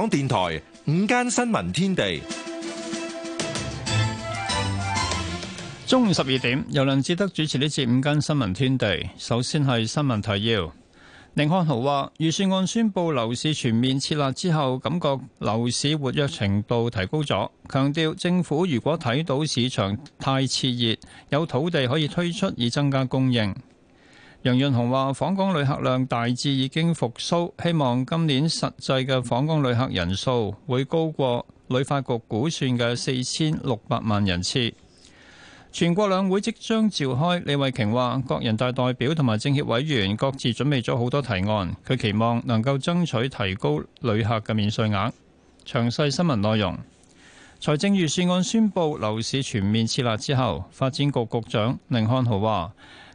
港電台午間新聞天地，中午十二點，由梁志德主持呢節午間新聞天地。首先係新聞提要，寧漢豪話預算案宣布樓市全面設立之後，感覺樓市活躍程度提高咗。強調政府如果睇到市場太熾熱，有土地可以推出以增加供應。楊潤雄話：訪港旅客量大致已經復蘇，希望今年實際嘅訪港旅客人數會高過旅發局估算嘅四千六百萬人次。全國兩會即將召開，李慧瓊話：各人大代表同埋政協委員各自準備咗好多提案，佢期望能夠爭取提高旅客嘅免稅額。詳細新聞內容：財政預算案宣布樓市全面設立之後，發展局局長甯漢豪話。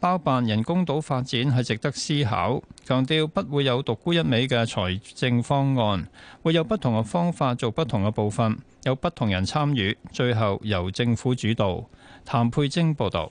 包辦人工島發展係值得思考，強調不會有獨沽一味嘅財政方案，會有不同嘅方法做不同嘅部分，有不同人參與，最後由政府主導。譚佩晶報導。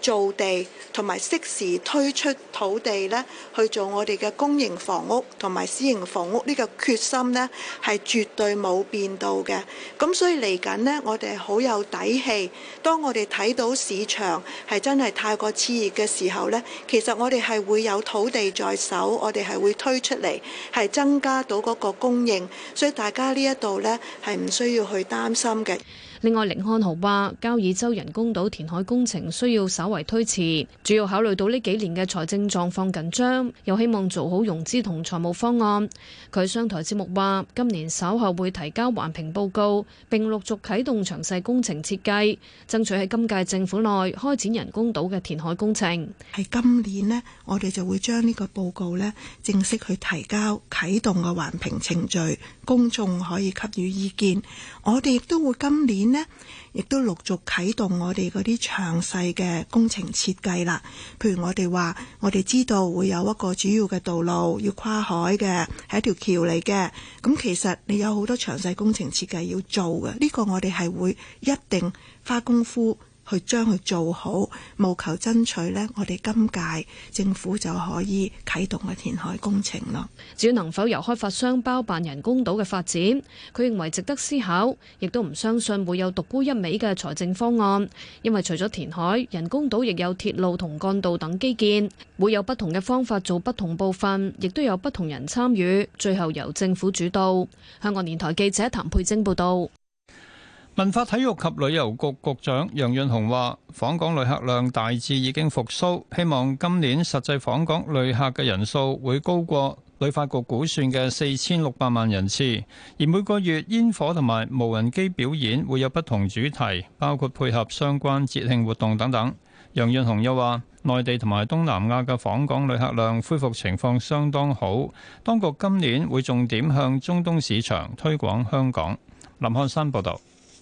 造地同埋適時推出土地咧，去做我哋嘅公營房屋同埋私營房屋呢個決心咧，係絕對冇變到嘅。咁所以嚟緊咧，我哋好有底氣，當我哋睇到市場係真係太過熾熱嘅時候咧，其實我哋係會有土地在手，我哋係會推出嚟，係增加到嗰個供應，所以大家呢一度咧係唔需要去擔心嘅。另外，凌漢豪話，交椅洲人工島填海工程需要稍為推遲，主要考慮到呢幾年嘅財政狀況緊張，又希望做好融資同財務方案。佢商台節目話，今年稍後會提交環評報告，並陸續啟動詳細工程設計，爭取喺今屆政府內開展人工島嘅填海工程。係今年呢，我哋就會將呢個報告呢正式去提交，啟動嘅環評程序，公眾可以給予意見。我哋亦都會今年呢，亦都陸續啟動我哋嗰啲詳細嘅工程設計啦。譬如我哋話，我哋知道會有一個主要嘅道路要跨海嘅，係一條橋嚟嘅。咁其實你有好多詳細工程設計要做嘅，呢個我哋係會一定花功夫。去將佢做好，務求爭取呢，我哋今屆政府就可以啟動嘅填海工程啦。至於能否由開發商包辦人工島嘅發展，佢認為值得思考，亦都唔相信會有獨沽一味嘅財政方案，因為除咗填海，人工島亦有鐵路同幹道等基建，會有不同嘅方法做不同部分，亦都有不同人參與，最後由政府主導。香港電台記者譚佩晶報道。文化體育及旅遊局局長楊潤雄話訪港旅客量大致已經復甦，希望今年實際訪港旅客嘅人數會高過旅發局估算嘅四千六百萬人次。而每個月煙火同埋無人機表演會有不同主題，包括配合相關節慶活動等等。楊潤雄又話內地同埋東南亞嘅訪港旅客量恢復情況相當好，當局今年會重點向中東市場推廣香港。林漢山報道。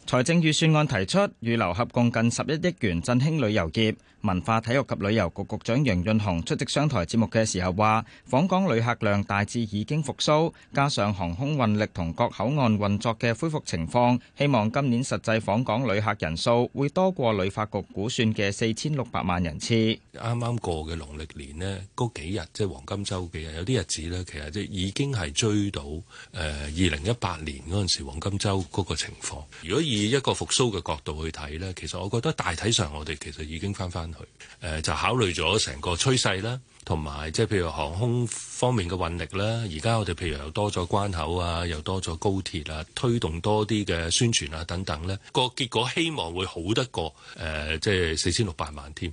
財政預算案提出預留合共近十一億元振興旅遊業。文化體育及旅遊局局長楊潤雄出席商台節目嘅時候話，訪港旅客量大致已經復甦，加上航空運力同各口岸運作嘅恢復情況，希望今年實際訪港旅客人數會多過旅發局估算嘅四千六百萬人次。啱啱過嘅農曆年呢，嗰幾日即係黃金周嘅日，有啲日子呢，其實即係已經係追到誒二零一八年嗰陣時黃金周嗰個情況。如果以以一個復甦嘅角度去睇呢，其實我覺得大體上我哋其實已經翻翻去、呃，就考慮咗成個趨勢啦，同埋即係譬如航空方面嘅運力啦，而家我哋譬如又多咗關口啊，又多咗高鐵啊，推動多啲嘅宣傳啊等等呢，個結果希望會好得過誒、呃，即係四千六百萬添。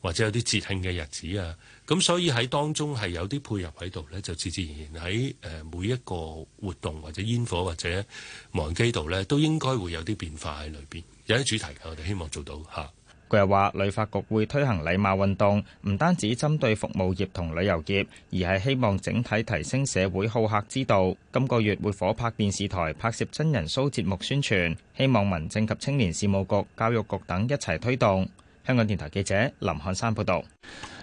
或者有啲節慶嘅日子啊，咁所以喺當中係有啲配合喺度呢，就自自然然喺每一個活動或者煙火或者無人機度呢，都應該會有啲變化喺裏面。有啲主題。我哋希望做到嚇。佢又話，旅發局會推行禮貌運動，唔單止針對服務業同旅遊業，而係希望整體提升社會好客之道。今個月會夥拍電視台拍攝真人 show 節目宣傳，希望民政及青年事務局、教育局等一齊推動。香港電台記者林漢山報道，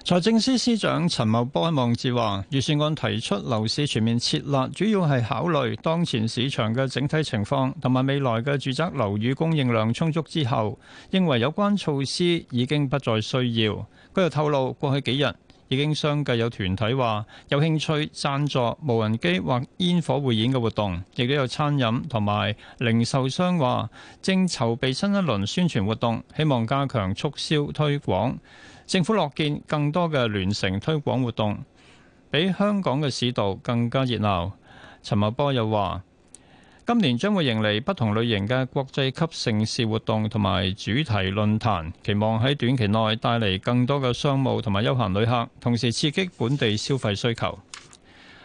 財政司司長陳茂波喺網誌話，預算案提出樓市全面設立主要係考慮當前市場嘅整體情況，同埋未來嘅住宅樓宇供應量充足之後，認為有關措施已經不再需要。佢又透露，過去幾日。已經相繼有團體話有興趣贊助無人機或煙火匯演嘅活動，亦都有餐飲同埋零售商話正籌備新一輪宣傳活動，希望加強促銷推廣。政府樂見更多嘅聯城推廣活動，俾香港嘅市道更加熱鬧。陳茂波又話。今年將會迎嚟不同類型嘅國際級盛事活動同埋主題論壇，期望喺短期內帶嚟更多嘅商務同埋休閒旅客，同時刺激本地消費需求。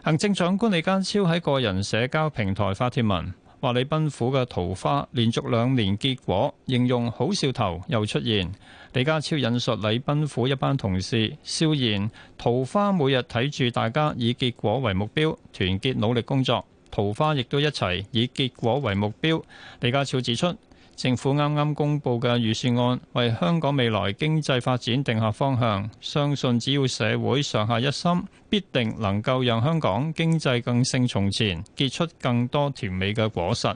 行政長官李家超喺個人社交平台發帖文，話禮賓府嘅桃花連續兩年結果，形容好兆頭又出現。李家超引述禮賓府一班同事笑言，桃花每日睇住大家以結果為目標，團結努力工作。桃花亦都一齊以結果為目標，李家超指出，政府啱啱公布嘅預算案為香港未來經濟發展，定下方向，相信只要社會上下一心，必定能夠讓香港經濟更勝從前，結出更多甜美嘅果實。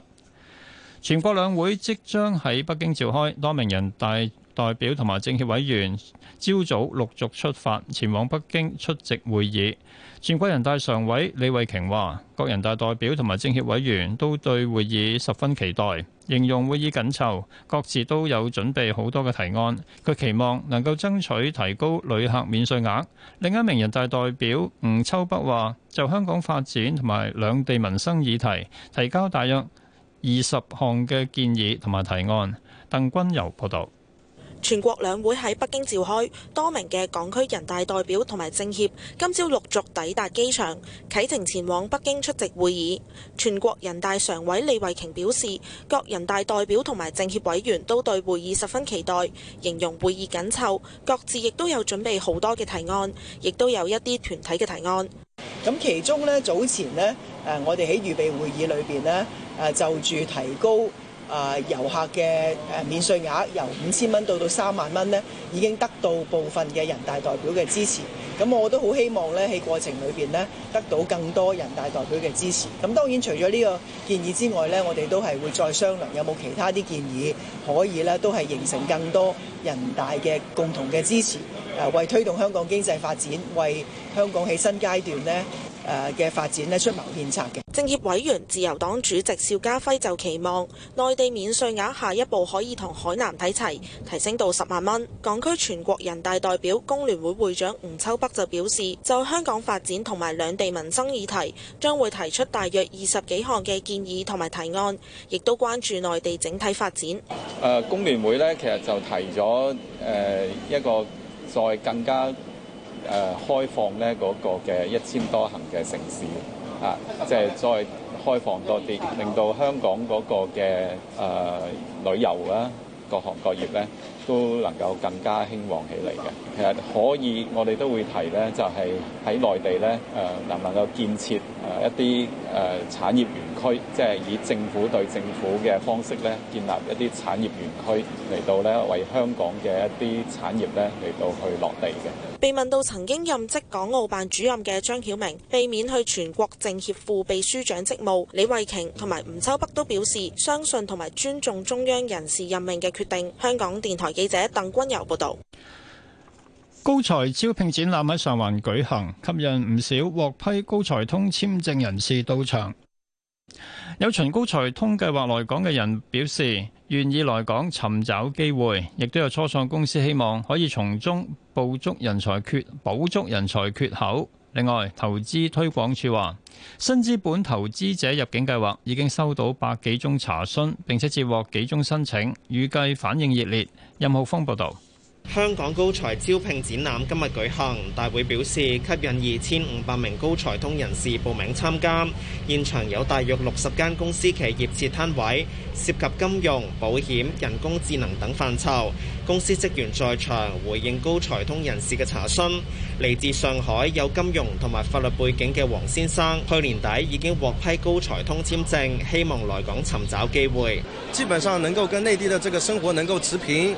全國兩會即將喺北京召開，多名人大代表同埋政協委員朝早陸續出發前往北京出席會議，全國人大常委李慧瓊話各人大代表同埋政協委員都對會議十分期待，形容會議緊湊，各自都有準備好多嘅提案。佢期望能夠爭取提高旅客免稅額，另一名人大代表吳秋北話就香港發展同埋兩地民生議題提交大約二十項嘅建議同埋提案。鄧君柔報道。全國兩會喺北京召開，多名嘅港區人大代表同埋政協今朝陸續抵達機場，啟程前往北京出席會議。全國人大常委李慧瓊表示，各人大代表同埋政協委員都對會議十分期待，形容會議緊湊，各自亦都有準備好多嘅提案，亦都有一啲團體嘅提案。咁其中呢，早前呢，誒我哋喺預備會議裏邊呢，誒就住提高。啊！遊、呃、客嘅、呃、免稅額由五千蚊到到三萬蚊呢，已經得到部分嘅人大代表嘅支持。咁我都好希望呢喺過程裏邊呢，得到更多人大代表嘅支持。咁當然除咗呢個建議之外呢，我哋都係會再商量有冇其他啲建議可以呢，都係形成更多人大嘅共同嘅支持，呃，為推動香港經濟發展，為香港喺新階段呢。誒嘅發展呢，出謀獻策嘅。政協委員、自由黨主席邵家輝就期望內地免稅額下一步可以同海南睇齊，提升到十萬蚊。港區全國人大代表、工聯會會長吳秋北就表示，就香港發展同埋兩地民生議題，將會提出大約二十幾項嘅建議同埋提案，亦都關注內地整體發展。誒、呃，工聯會呢，其實就提咗誒、呃、一個再更加。誒開放咧個嘅一千多行嘅城市啊，即係再開放多啲，令到香港嗰個嘅誒旅遊啊，各行各業咧都能夠更加興旺起嚟嘅。其實可以，我哋都會提咧，就係喺內地咧誒能唔能夠建設誒一啲誒產業園。區即係以政府對政府嘅方式咧，建立一啲產業園區嚟到咧，為香港嘅一啲產業咧嚟到去落地嘅。被問到曾經任職港澳辦主任嘅張曉明，被免去全國政協副秘書長職務，李慧瓊同埋吳秋北都表示相信同埋尊重中央人事任命嘅決定。香港電台記者鄧君柔報導，高才招聘展覽喺上環舉行，吸引唔少獲批高才通簽證人士到場。有秦高才通計劃來港嘅人表示，願意來港尋找機會，亦都有初創公司希望可以從中補足人，人才缺口。另外，投資推廣處話，新資本投資者入境計劃已經收到百幾宗查詢，並且接獲幾宗申請，預計反應熱烈。任浩峰報道。香港高才招聘展覽今日舉行，大會表示吸引二千五百名高才通人士報名參加。現場有大約六十間公司企業設攤位，涉及金融、保險、人工智能等範疇。公司職員在場回應高才通人士嘅查詢。嚟自上海有金融同埋法律背景嘅黃先生，去年底已經獲批高才通簽證，希望來港尋找機會。基本上能夠跟內地的這個生活能夠持平。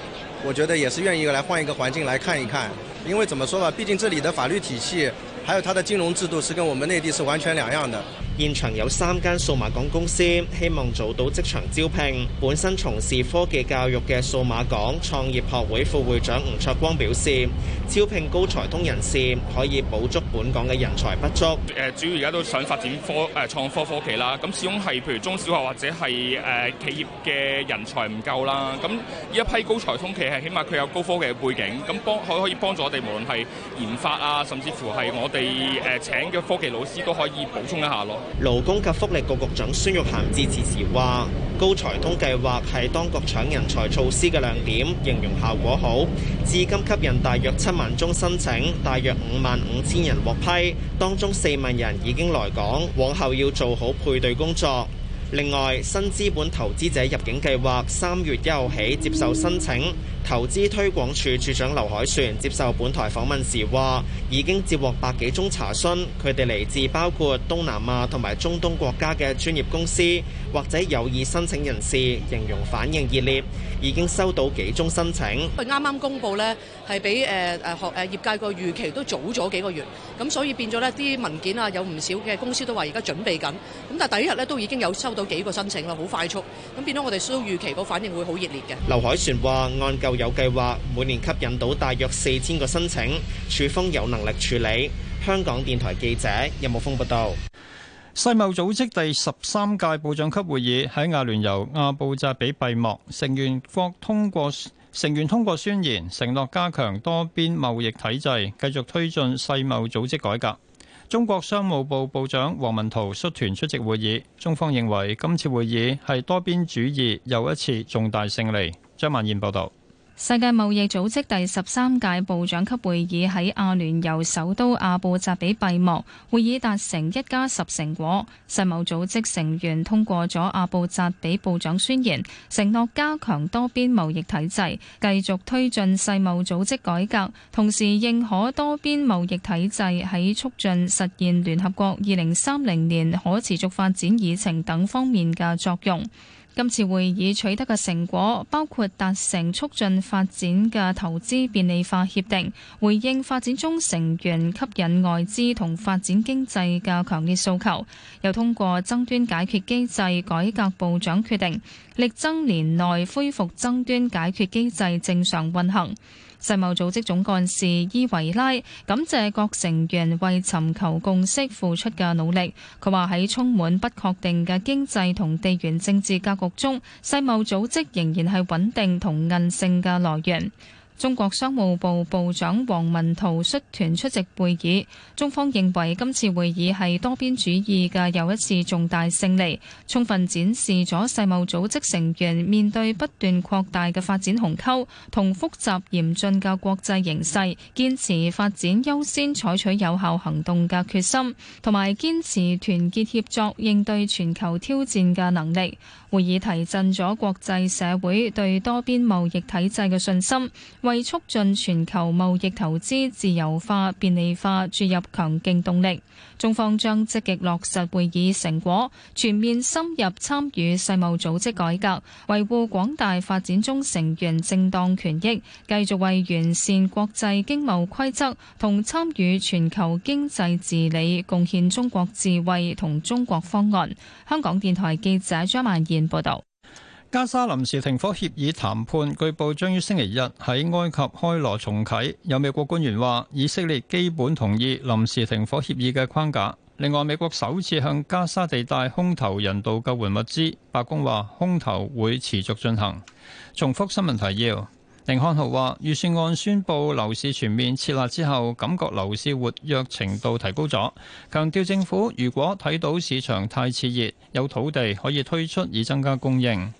我覺得也是願意來換一個環境來看一看，因為怎麼說吧，畢竟這裏的法律體系還有它的金融制度是跟我們內地是完全兩樣的。現場有三間數碼港公司，希望做到職場招聘。本身從事科技教育嘅數碼港創業學會副會長吳卓光表示，招聘高才通人士可以補足本港嘅人才不足。主要而家都想發展科創科科技啦，咁始終係譬如中小學或者係企業嘅人才唔夠啦。咁呢一批高才通其實起碼佢有高科技嘅背景，咁幫可可以幫助我哋無論係研發啊，甚至乎係我哋誒請嘅科技老師都可以補充一下咯。勞工及福利局局長孫玉菡致辭時話：高才通計劃係當局搶人才措施嘅亮點，形容效果好，至今吸引大約七萬宗申請，大約五萬五千人獲批，當中四萬人已經來港，往後要做好配對工作。另外，新資本投資者入境計劃三月一號起接受申請。投資推廣署署長劉凱旋接受本台訪問時話：已經接獲百幾宗查詢，佢哋嚟自包括東南亞同埋中東國家嘅專業公司或者有意申請人士，形容反應熱烈，已經收到幾宗申請。佢啱啱公布呢，係比誒誒學誒業界個預期都早咗幾個月，咁所以變咗呢啲文件啊，有唔少嘅公司都話而家準備緊，咁但係第一日呢都已經有收到幾個申請啦，好快速，咁變咗我哋都預期個反應會好熱烈嘅。劉凱旋話：按舊有計劃每年吸引到大約四千個申請，處方有能力處理。香港電台記者任木峰報道。世貿組織第十三屆部長級會議喺阿聯酋阿布扎比閉幕，成員國通過成員通過宣言，承諾加強多邊貿易體制，繼續推進世貿組織改革。中國商務部部長王文濤率團出席會議，中方認為今次會議係多邊主義又一次重大勝利。張曼燕報道。世界貿易組織第十三屆部長級會議喺阿聯酋首都阿布扎比閉幕。會議達成一加十成果，世貿組織成員通過咗阿布扎比部長宣言，承諾加強多邊貿易體制，繼續推進世貿組織改革，同時認可多邊貿易體制喺促進實現聯合國2030年可持續發展議程等方面嘅作用。今次會議取得嘅成果包括達成促進發展嘅投資便利化協定，回應發展中成員吸引外資同發展經濟嘅強烈訴求；又通過爭端解決機制改革部長決定，力爭年內恢復爭端解決機制正常運行。世貿組織總幹事伊維拉感謝各成員為尋求共識付出嘅努力。佢話，喺充滿不確定嘅經濟同地緣政治格局中，世貿組織仍然係穩定同韌性嘅來源。中國商務部部長王文濤率團出席會議。中方認為今次會議係多邊主義嘅又一次重大勝利，充分展示咗世貿組織成員面對不斷擴大嘅發展鴻溝同複雜嚴峻嘅國際形勢，堅持發展優先、採取有效行動嘅決心，同埋堅持團結協作應對全球挑戰嘅能力。會議提振咗國際社會對多邊貿易體制嘅信心。為促進全球貿易投資自由化便利化注入強勁動力，中方將積極落實會議成果，全面深入參與世貿組織改革，維護廣大發展中成員正當權益，繼續為完善國際經貿規則同參與全球經濟治理貢獻中國智慧同中國方案。香港電台記者張曼燕報道。加沙臨時停火協議談判據報將於星期日喺埃及開羅重啟。有美國官員話，以色列基本同意臨時停火協議嘅框架。另外，美國首次向加沙地帶空投人道救援物資。白宮話，空投會持續進行。重複新聞提要。甯漢豪話：預算案宣布樓市全面設立之後，感覺樓市活躍程度提高咗。強調政府如果睇到市場太熾熱，有土地可以推出以增加供應。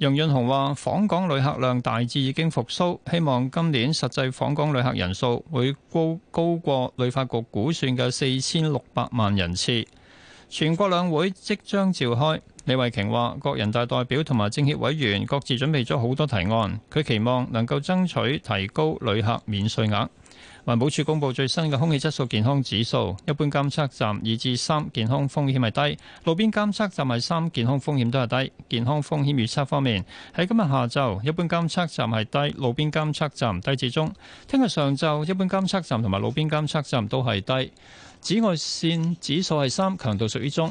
楊潤雄話：訪港旅客量大致已經復蘇，希望今年實際訪港旅客人數會高高過旅發局估算嘅四千六百萬人次。全國兩會即將召開，李慧瓊話：各人大代表同埋政協委員各自準備咗好多提案，佢期望能夠爭取提高旅客免稅額。環保署公布最新嘅空氣質素健康指數，一般監測站二至三，健康風險係低；路邊監測站係三，健康風險都係低。健康風險預測方面，喺今日下晝，一般監測站係低，路邊監測站低至中；聽日上晝，一般監測站同埋路邊監測站都係低。紫外線指數係三，強度屬於中。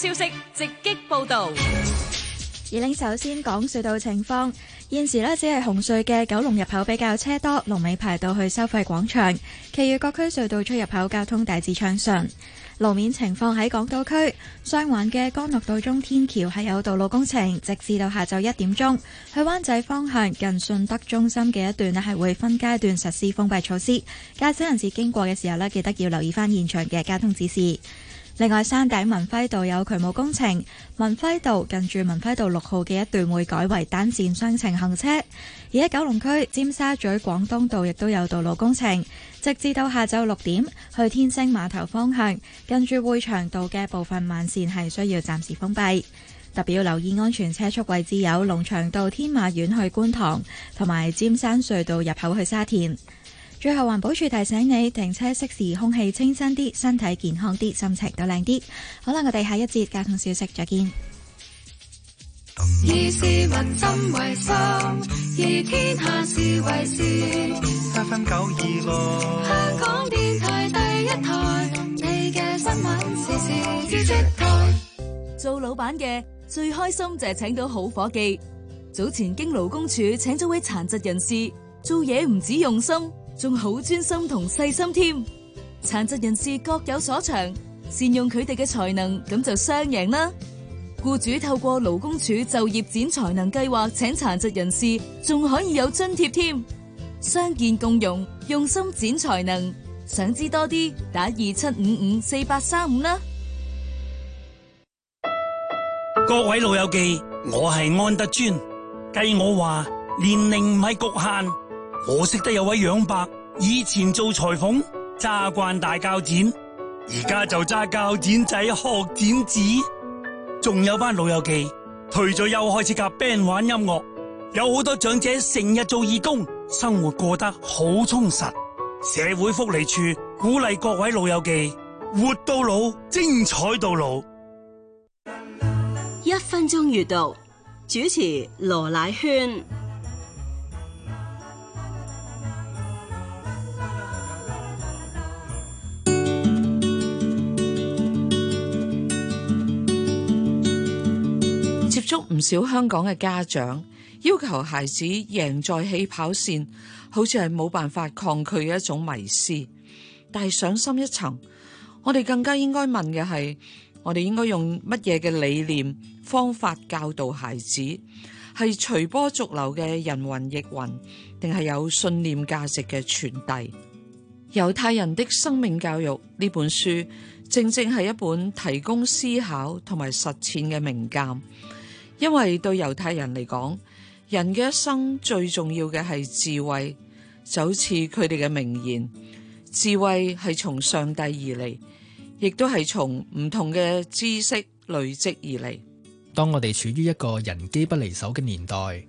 消息直擊報道。而令首先講隧道情況，現時只係紅隧嘅九龍入口比較車多，龍尾排到去收費廣場。其餘各區隧道出入口交通大致暢順。路面情況喺港島區，雙環嘅干諾道中天橋係有道路工程，直至到下晝一點鐘。去灣仔方向近信德中心嘅一段咧係會分階段實施封閉措施。駕駛人士經過嘅時候咧，記得要留意翻現場嘅交通指示。另外，山頂文輝道有渠務工程，文輝道近住文輝道六號嘅一段會改為單線雙程行車。而喺九龍區尖沙咀廣東道亦都有道路工程，直至到下晝六點，去天星碼頭方向，近住會場道嘅部分慢線係需要暫時封閉。特別要留意安全車速位置有龍翔道天馬苑去觀塘，同埋尖山隧道入口去沙田。最後，環保處提醒你停車熄匙，空氣清新啲，身體健康啲，心情都靚啲。好啦，我哋下一節交通消息再見。以市民心為心，以天下事為事，七分九二六，香港電台第一台，你嘅新聞時事聚焦台。做老闆嘅最開心就係請到好伙計。早前經勞工處請咗位殘疾人士做嘢，唔止用心。仲好專心同細心添，殘疾人士各有所長，善用佢哋嘅才能，咁就雙贏啦。僱主透過勞工處就業展才能計劃請殘疾人士，仲可以有津貼添。相見共融，用心展才能。想知多啲，打二七五五四八三五啦。各位老友記，我係安德尊，計我話年齡唔係局限。我識得有位楊伯，以前做裁縫，揸慣大鉸剪，而家就揸鉸剪仔學剪紙。仲有班老友記退咗休開始夾 band 玩音樂，有好多長者成日做義工，生活過得好充實。社會福利處鼓勵各位老友記活到老，精彩到老。一分鐘閱讀，主持羅乃萱。唔少香港嘅家長要求孩子贏在起跑線，好似係冇辦法抗拒嘅一種迷思。但係上深一層，我哋更加應該問嘅係，我哋應該用乜嘢嘅理念、方法教導孩子？係隨波逐流嘅人云亦云，定係有信念價值嘅傳遞？猶太人的生命教育呢本書，正正係一本提供思考同埋實踐嘅名鑑。因為對猶太人嚟講，人嘅一生最重要嘅係智慧，就好似佢哋嘅名言：智慧係從上帝而嚟，亦都係從唔同嘅知識累積而嚟。當我哋處於一個人機不離手嘅年代。